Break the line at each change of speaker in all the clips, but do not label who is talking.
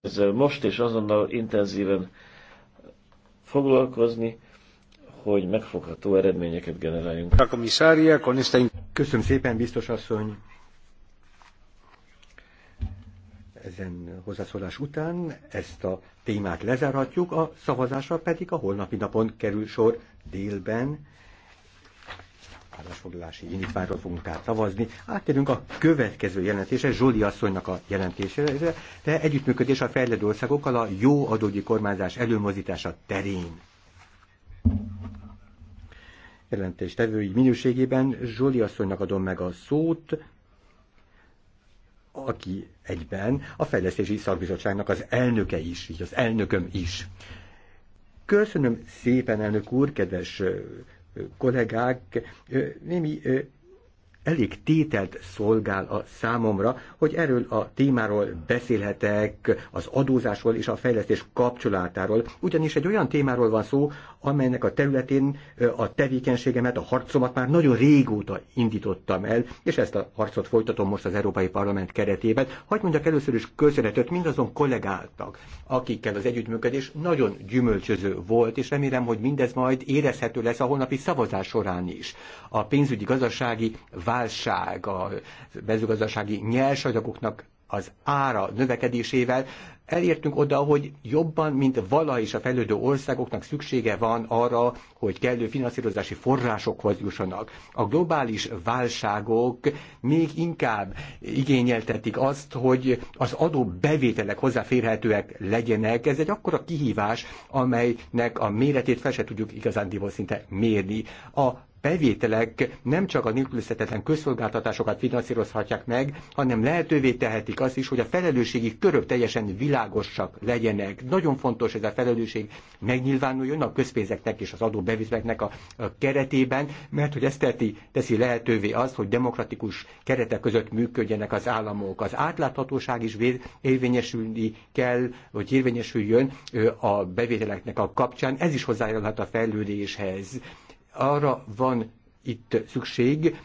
ezzel most és azonnal intenzíven foglalkozni, hogy megfogható eredményeket generáljunk. Köszönöm szépen, biztos
asszony! Ezen hozzászólás után ezt a témát lezárhatjuk, a szavazásra pedig a holnapi napon kerül sor délben állásfoglalási indítványról fogunk tehát szavazni. Átérünk a következő jelentése, Zsoli asszonynak a jelentésére, de együttműködés a fejlődő országokkal a jó adógyi kormányzás előmozítása terén. Jelentéstevői minőségében Zsoli asszonynak adom meg a szót, aki egyben a Fejlesztési Szakbizottságnak az elnöke is, így az elnököm is. Köszönöm szépen, elnök úr, kedves kollégák némi elég tételt szolgál a számomra, hogy erről a témáról beszélhetek, az adózásról és a fejlesztés kapcsolatáról, ugyanis egy olyan témáról van szó, amelynek a területén a tevékenységemet, a harcomat már nagyon régóta indítottam el, és ezt a harcot folytatom most az Európai Parlament keretében. Hagy mondjak először is köszönetet mindazon kollégáltak, akikkel az együttműködés nagyon gyümölcsöző volt, és remélem, hogy mindez majd érezhető lesz a holnapi szavazás során is. A pénzügyi gazdasági válság, a mezőgazdasági nyersanyagoknak az ára növekedésével elértünk oda, hogy jobban, mint vala is a fejlődő országoknak szüksége van arra, hogy kellő finanszírozási forrásokhoz jussanak. A globális válságok még inkább igényeltetik azt, hogy az adó bevételek hozzáférhetőek legyenek. Ez egy akkora kihívás, amelynek a méretét fel se tudjuk igazándiból szinte mérni. A bevételek nem csak a nélkülözhetetlen közszolgáltatásokat finanszírozhatják meg, hanem lehetővé tehetik azt is, hogy a felelősségi körök teljesen világos világosak legyenek. Nagyon fontos ez a felelősség megnyilvánuljon a közpénzeknek és az adóbevizeknek a, a keretében, mert hogy ezt teszi, teszi lehetővé az, hogy demokratikus keretek között működjenek az államok. Az átláthatóság is érvényesülni kell, hogy érvényesüljön a bevételeknek a kapcsán. Ez is hozzájárulhat a fejlődéshez arra van itt szükség,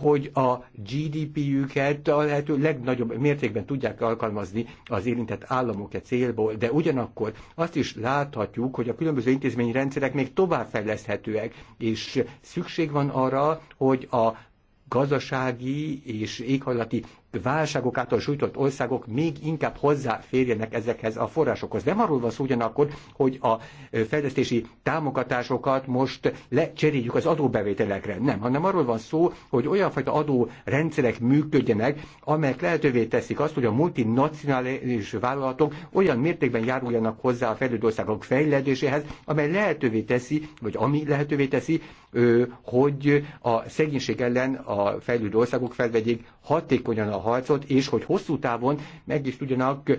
hogy a GDP-jüket a lehető legnagyobb mértékben tudják alkalmazni az érintett államok e célból, de ugyanakkor azt is láthatjuk, hogy a különböző intézményi rendszerek még továbbfejleszthetőek, és szükség van arra, hogy a gazdasági és éghajlati válságok által sújtott országok még inkább hozzáférjenek ezekhez a forrásokhoz. Nem arról van szó ugyanakkor, hogy a fejlesztési támogatásokat most lecseréljük az adóbevételekre. Nem, hanem arról van szó, hogy olyan fajta adórendszerek működjenek, amelyek lehetővé teszik azt, hogy a multinacionális vállalatok olyan mértékben járuljanak hozzá a fejlődő országok fejlődéséhez, amely lehetővé teszi, vagy ami lehetővé teszi, hogy a szegénység ellen a fejlődő országok felvegyék hatékonyan a harcot, és hogy hosszú távon meg is tudjanak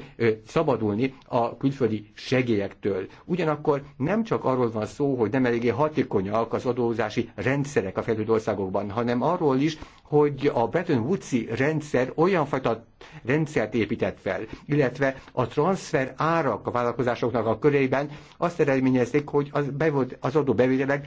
szabadulni a külföldi segélyektől. Ugyanakkor nem csak arról van szó, hogy nem eléggé hatékonyak az adózási rendszerek a fejlődő országokban, hanem arról is, hogy a Bretton woods rendszer olyan fajta rendszert épített fel, illetve a transfer árak a vállalkozásoknak a körében azt eredményezték, hogy az, adó az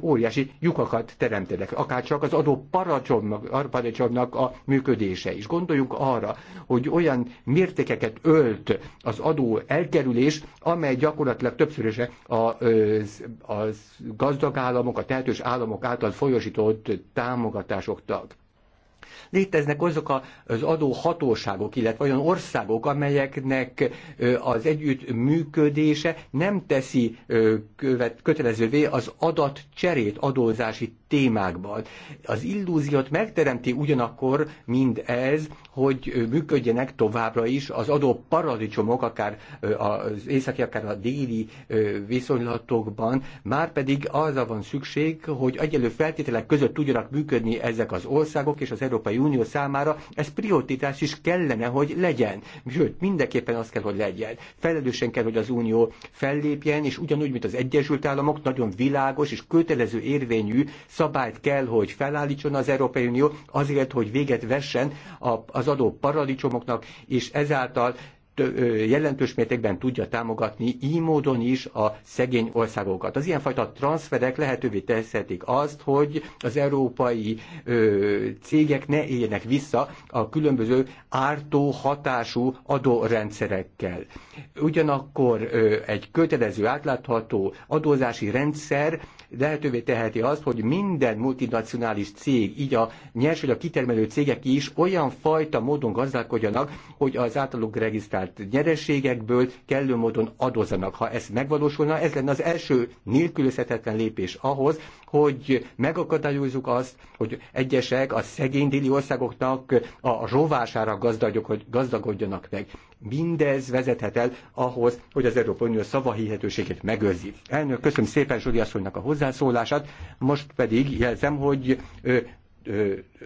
óriási lyukakat teremtenek, akár csak az adó paradicsomnak, paradicsomnak a működése is. Gondoljunk arra, hogy olyan mértékeket ölt az adó elkerülés, amely gyakorlatilag többszöröse az, az gazdag államok, a tehetős államok által folyosított támogatásoknak. Léteznek azok a, az adó hatóságok, illetve olyan országok, amelyeknek az együttműködése nem teszi követ, kötelezővé az adatcserét, adózási témákban. Az illúziót megteremti ugyanakkor mind ez, hogy működjenek továbbra is az adó paradicsomok, akár az északi, akár a déli viszonylatokban, már pedig arra van szükség, hogy egyelő feltételek között tudjanak működni ezek az országok, és az Európai Unió számára ez prioritás is kellene, hogy legyen. Sőt, mindenképpen az kell, hogy legyen. Felelősen kell, hogy az Unió fellépjen, és ugyanúgy, mint az Egyesült Államok, nagyon világos és kötelező érvényű szabályt kell, hogy felállítson az Európai Unió azért, hogy véget vessen az adó paradicsomoknak, és ezáltal jelentős mértékben tudja támogatni így módon is a szegény országokat. Az ilyenfajta transferek lehetővé teszhetik azt, hogy az európai ö, cégek ne éljenek vissza a különböző ártó hatású adórendszerekkel. Ugyanakkor ö, egy kötelező átlátható adózási rendszer lehetővé teheti azt, hogy minden multinacionális cég, így a a kitermelő cégek is olyan fajta módon gazdálkodjanak, hogy az általuk regisztrált nyereségekből kellő módon adozanak. Ha ez megvalósulna, ez lenne az első nélkülözhetetlen lépés ahhoz, hogy megakadályozzuk azt, hogy egyesek a szegény déli országoknak a rovására gazdagodjanak meg. Mindez vezethet el ahhoz, hogy az Európai Unió szavahihetőségét megőrzi. Elnök, köszönöm szépen Zsoli asszonynak a hozzászólását, most pedig jelzem, hogy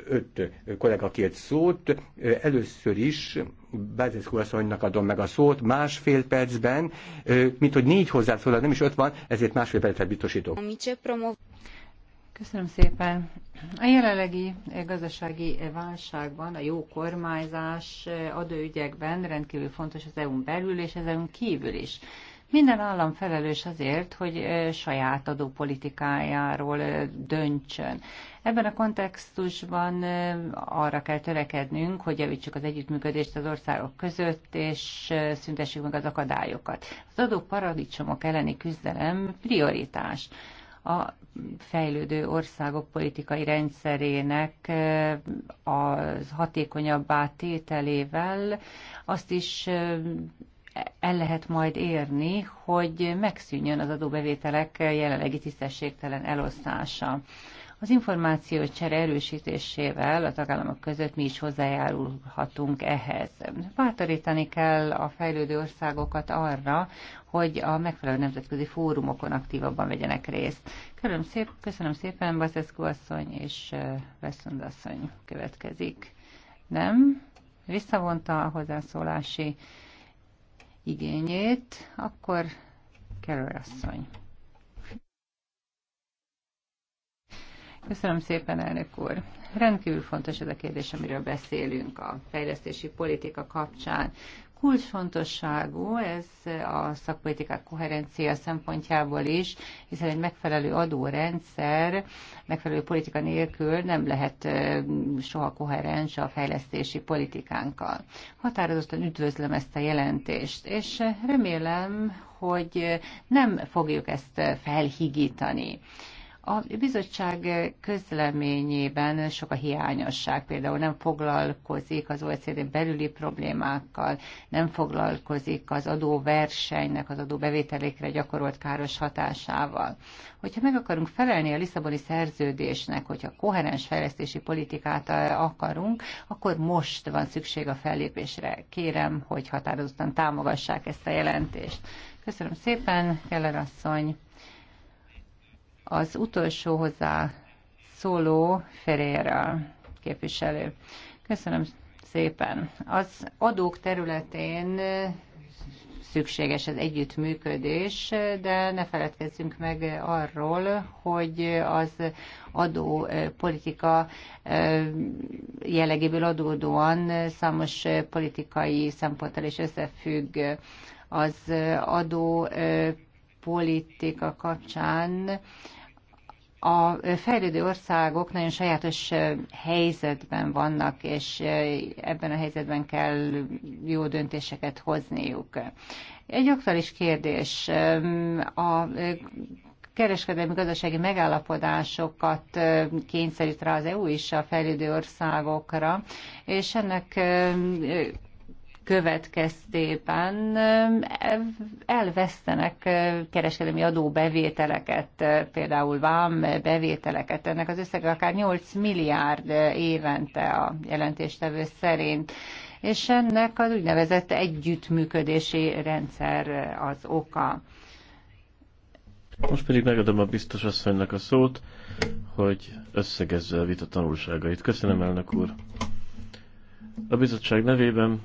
öt kollega két szót. Először is Bázeszkó asszonynak adom meg a szót másfél percben, mint hogy négy hozzászólal, nem is öt van, ezért másfél percet biztosítok.
Köszönöm szépen. A jelenlegi gazdasági válságban a jó kormányzás adóügyekben rendkívül fontos az EU-n belül és az EU-n kívül is. Minden állam felelős azért, hogy saját adópolitikájáról döntsön. Ebben a kontextusban arra kell törekednünk, hogy javítsuk az együttműködést az országok között, és szüntessük meg az akadályokat. Az adóparadicsomok elleni küzdelem prioritás a fejlődő országok politikai rendszerének az hatékonyabbá tételével azt is el lehet majd érni, hogy megszűnjön az adóbevételek jelenlegi tisztességtelen elosztása. Az információcsere erősítésével a tagállamok között mi is hozzájárulhatunk ehhez. Bátorítani kell a fejlődő országokat arra, hogy a megfelelő nemzetközi fórumokon aktívabban vegyenek részt. Köszönöm, szép, köszönöm szépen, Baszeszku asszony és Veszund asszony következik. Nem? Visszavonta a hozzászólási igényét, akkor Kerül asszony. Köszönöm szépen, elnök úr. Rendkívül fontos ez a kérdés, amiről beszélünk a fejlesztési politika kapcsán. Kulcsfontosságú ez a szakpolitikák koherencia szempontjából is, hiszen egy megfelelő adórendszer, megfelelő politika nélkül nem lehet soha koherens a fejlesztési politikánkkal. Határozottan üdvözlöm ezt a jelentést, és remélem, hogy nem fogjuk ezt felhigítani a bizottság közleményében sok a hiányosság, például nem foglalkozik az OECD belüli problémákkal, nem foglalkozik az adóversenynek, az adóbevételékre gyakorolt káros hatásával. Hogyha meg akarunk felelni a Lisszaboni szerződésnek, hogyha koherens fejlesztési politikát akarunk, akkor most van szükség a fellépésre. Kérem, hogy határozottan támogassák ezt a jelentést. Köszönöm szépen, Keller asszony! Az utolsó hozzá szóló Ferreira képviselő. Köszönöm szépen. Az adók területén szükséges az együttműködés, de ne feledkezzünk meg arról, hogy az adópolitika eh, eh, jellegéből adódóan számos politikai szempontból is összefügg az eh, adó politika kapcsán a fejlődő országok nagyon sajátos helyzetben vannak, és ebben a helyzetben kell jó döntéseket hozniuk. Egy aktuális kérdés. A kereskedelmi gazdasági megállapodásokat kényszerít rá az EU is a fejlődő országokra, és ennek következtében elvesztenek kereskedelmi adóbevételeket, például vám bevételeket. Ennek az összege akár 8 milliárd évente a jelentéstevő szerint és ennek az úgynevezett együttműködési rendszer az oka.
Most pedig megadom a biztos asszonynak a szót, hogy összegezze a vita tanulságait. Köszönöm, elnök úr! A bizottság nevében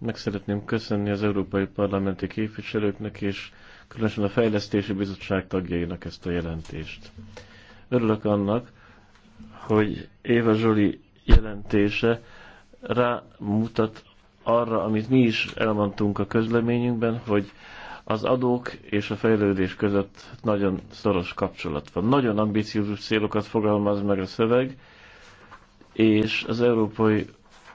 meg szeretném köszönni az európai parlamenti képviselőknek és különösen a Fejlesztési Bizottság tagjainak ezt a jelentést. Örülök annak, hogy Éva Zsoli jelentése rámutat arra, amit mi is elmondtunk a közleményünkben, hogy az adók és a fejlődés között nagyon szoros kapcsolat van. Nagyon ambiciózus célokat fogalmaz meg a szöveg, és az Európai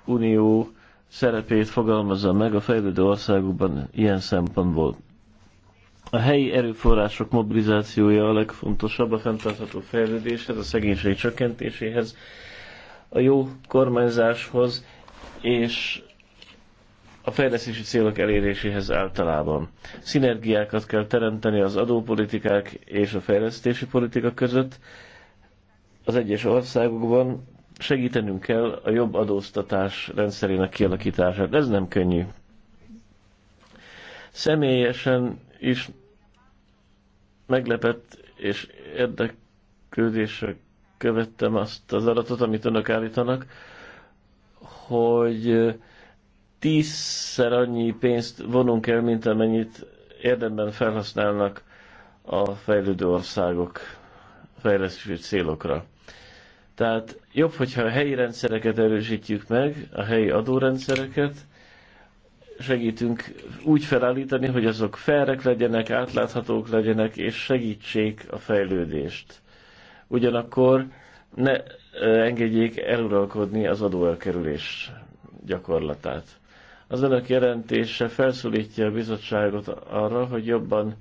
Unió szerepét fogalmazza meg a fejlődő országokban ilyen szempontból. A helyi erőforrások mobilizációja a legfontosabb a fenntartható fejlődéshez, a szegénység csökkentéséhez, a jó kormányzáshoz és a fejlesztési célok eléréséhez általában. Szinergiákat kell teremteni az adópolitikák és a fejlesztési politika között az egyes országokban, segítenünk kell a jobb adóztatás rendszerének kialakítását. Ez nem könnyű. Személyesen is meglepett és érdeklődésre követtem azt az adatot, amit önök állítanak, hogy tízszer annyi pénzt vonunk el, mint amennyit érdemben felhasználnak a fejlődő országok fejlesztési célokra. Tehát jobb, hogyha a helyi rendszereket erősítjük meg, a helyi adórendszereket, segítünk úgy felállítani, hogy azok felrek legyenek, átláthatók legyenek, és segítsék a fejlődést. Ugyanakkor ne engedjék eluralkodni az adóelkerülés gyakorlatát. Az önök jelentése felszólítja a bizottságot arra, hogy jobban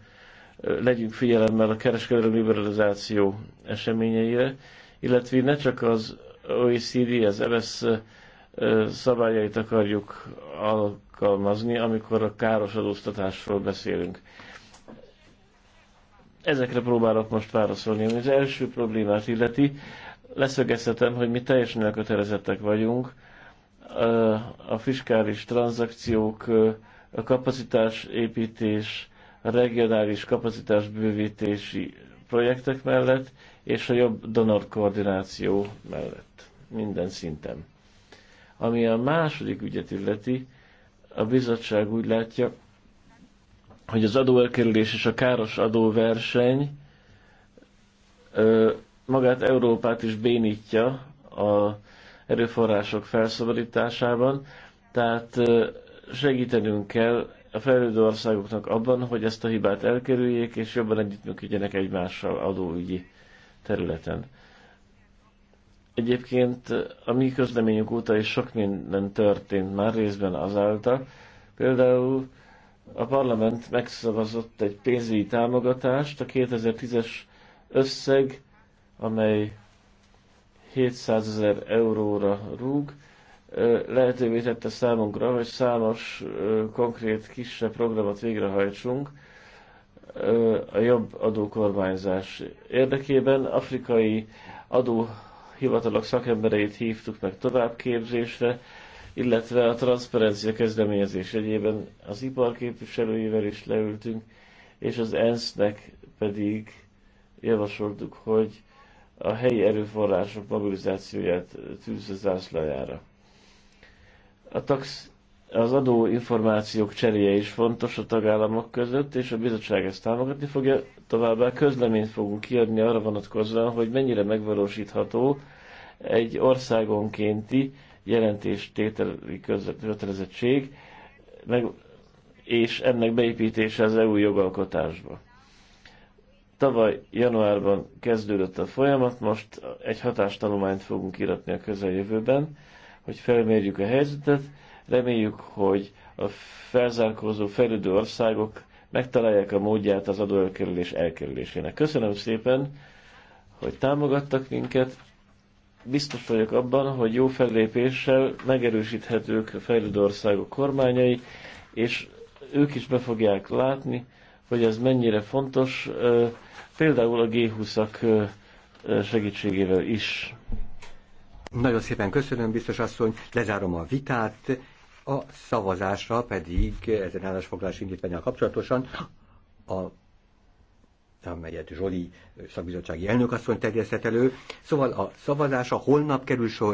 legyünk figyelemmel a kereskedelmi liberalizáció eseményeire, illetve ne csak az OECD, az EBS e szabályait akarjuk alkalmazni, amikor a káros adóztatásról beszélünk. Ezekre próbálok most válaszolni. az első problémát illeti, leszögezhetem, hogy mi teljesen elkötelezettek vagyunk a fiskális tranzakciók, a kapacitásépítés, a regionális kapacitásbővítési projektek mellett, és a jobb donor koordináció mellett, minden szinten. Ami a második ügyet illeti, a bizottság úgy látja, hogy az adóelkerülés és a káros adóverseny magát Európát is bénítja a erőforrások felszabadításában, tehát segítenünk kell a fejlődő országoknak abban, hogy ezt a hibát elkerüljék, és jobban együttműködjenek egymással adóügyi területen. Egyébként a mi közleményünk óta is sok minden történt már részben azáltal. Például a parlament megszavazott egy pénzügyi támogatást, a 2010-es összeg, amely 700 ezer euróra rúg, lehetővé tette számunkra, hogy számos konkrét kisebb programot végrehajtsunk a jobb adókormányzás érdekében. Afrikai adóhivatalok szakembereit hívtuk meg továbbképzésre, illetve a transzparencia kezdeményezés egyében az iparképviselőivel is leültünk, és az ENSZ-nek pedig javasoltuk, hogy a helyi erőforrások mobilizációját tűzze zászlajára. A tax, az adó információk cseréje is fontos a tagállamok között, és a bizottság ezt támogatni fogja. Továbbá közleményt fogunk kiadni arra vonatkozóan, hogy mennyire megvalósítható egy országonkénti jelentéstételi kötelezettség, meg, és ennek beépítése az EU jogalkotásba. Tavaly januárban kezdődött a folyamat, most egy hatástanulmányt fogunk iratni a közeljövőben, hogy felmérjük a helyzetet, reméljük, hogy a felzárkózó fejlődő országok megtalálják a módját az adóelkerülés elkerülésének. Köszönöm szépen, hogy támogattak minket. Biztos vagyok abban, hogy jó fellépéssel megerősíthetők a fejlődő országok kormányai, és ők is be fogják látni, hogy ez mennyire fontos, például a G20-ak segítségével is. Nagyon szépen köszönöm, biztos asszony,
lezárom a vitát, a szavazásra pedig ezen állásfoglalás indítványal kapcsolatosan, a, amelyet Zsoli szakbizottsági elnök asszony terjesztett elő. Szóval a szavazása holnap kerül sor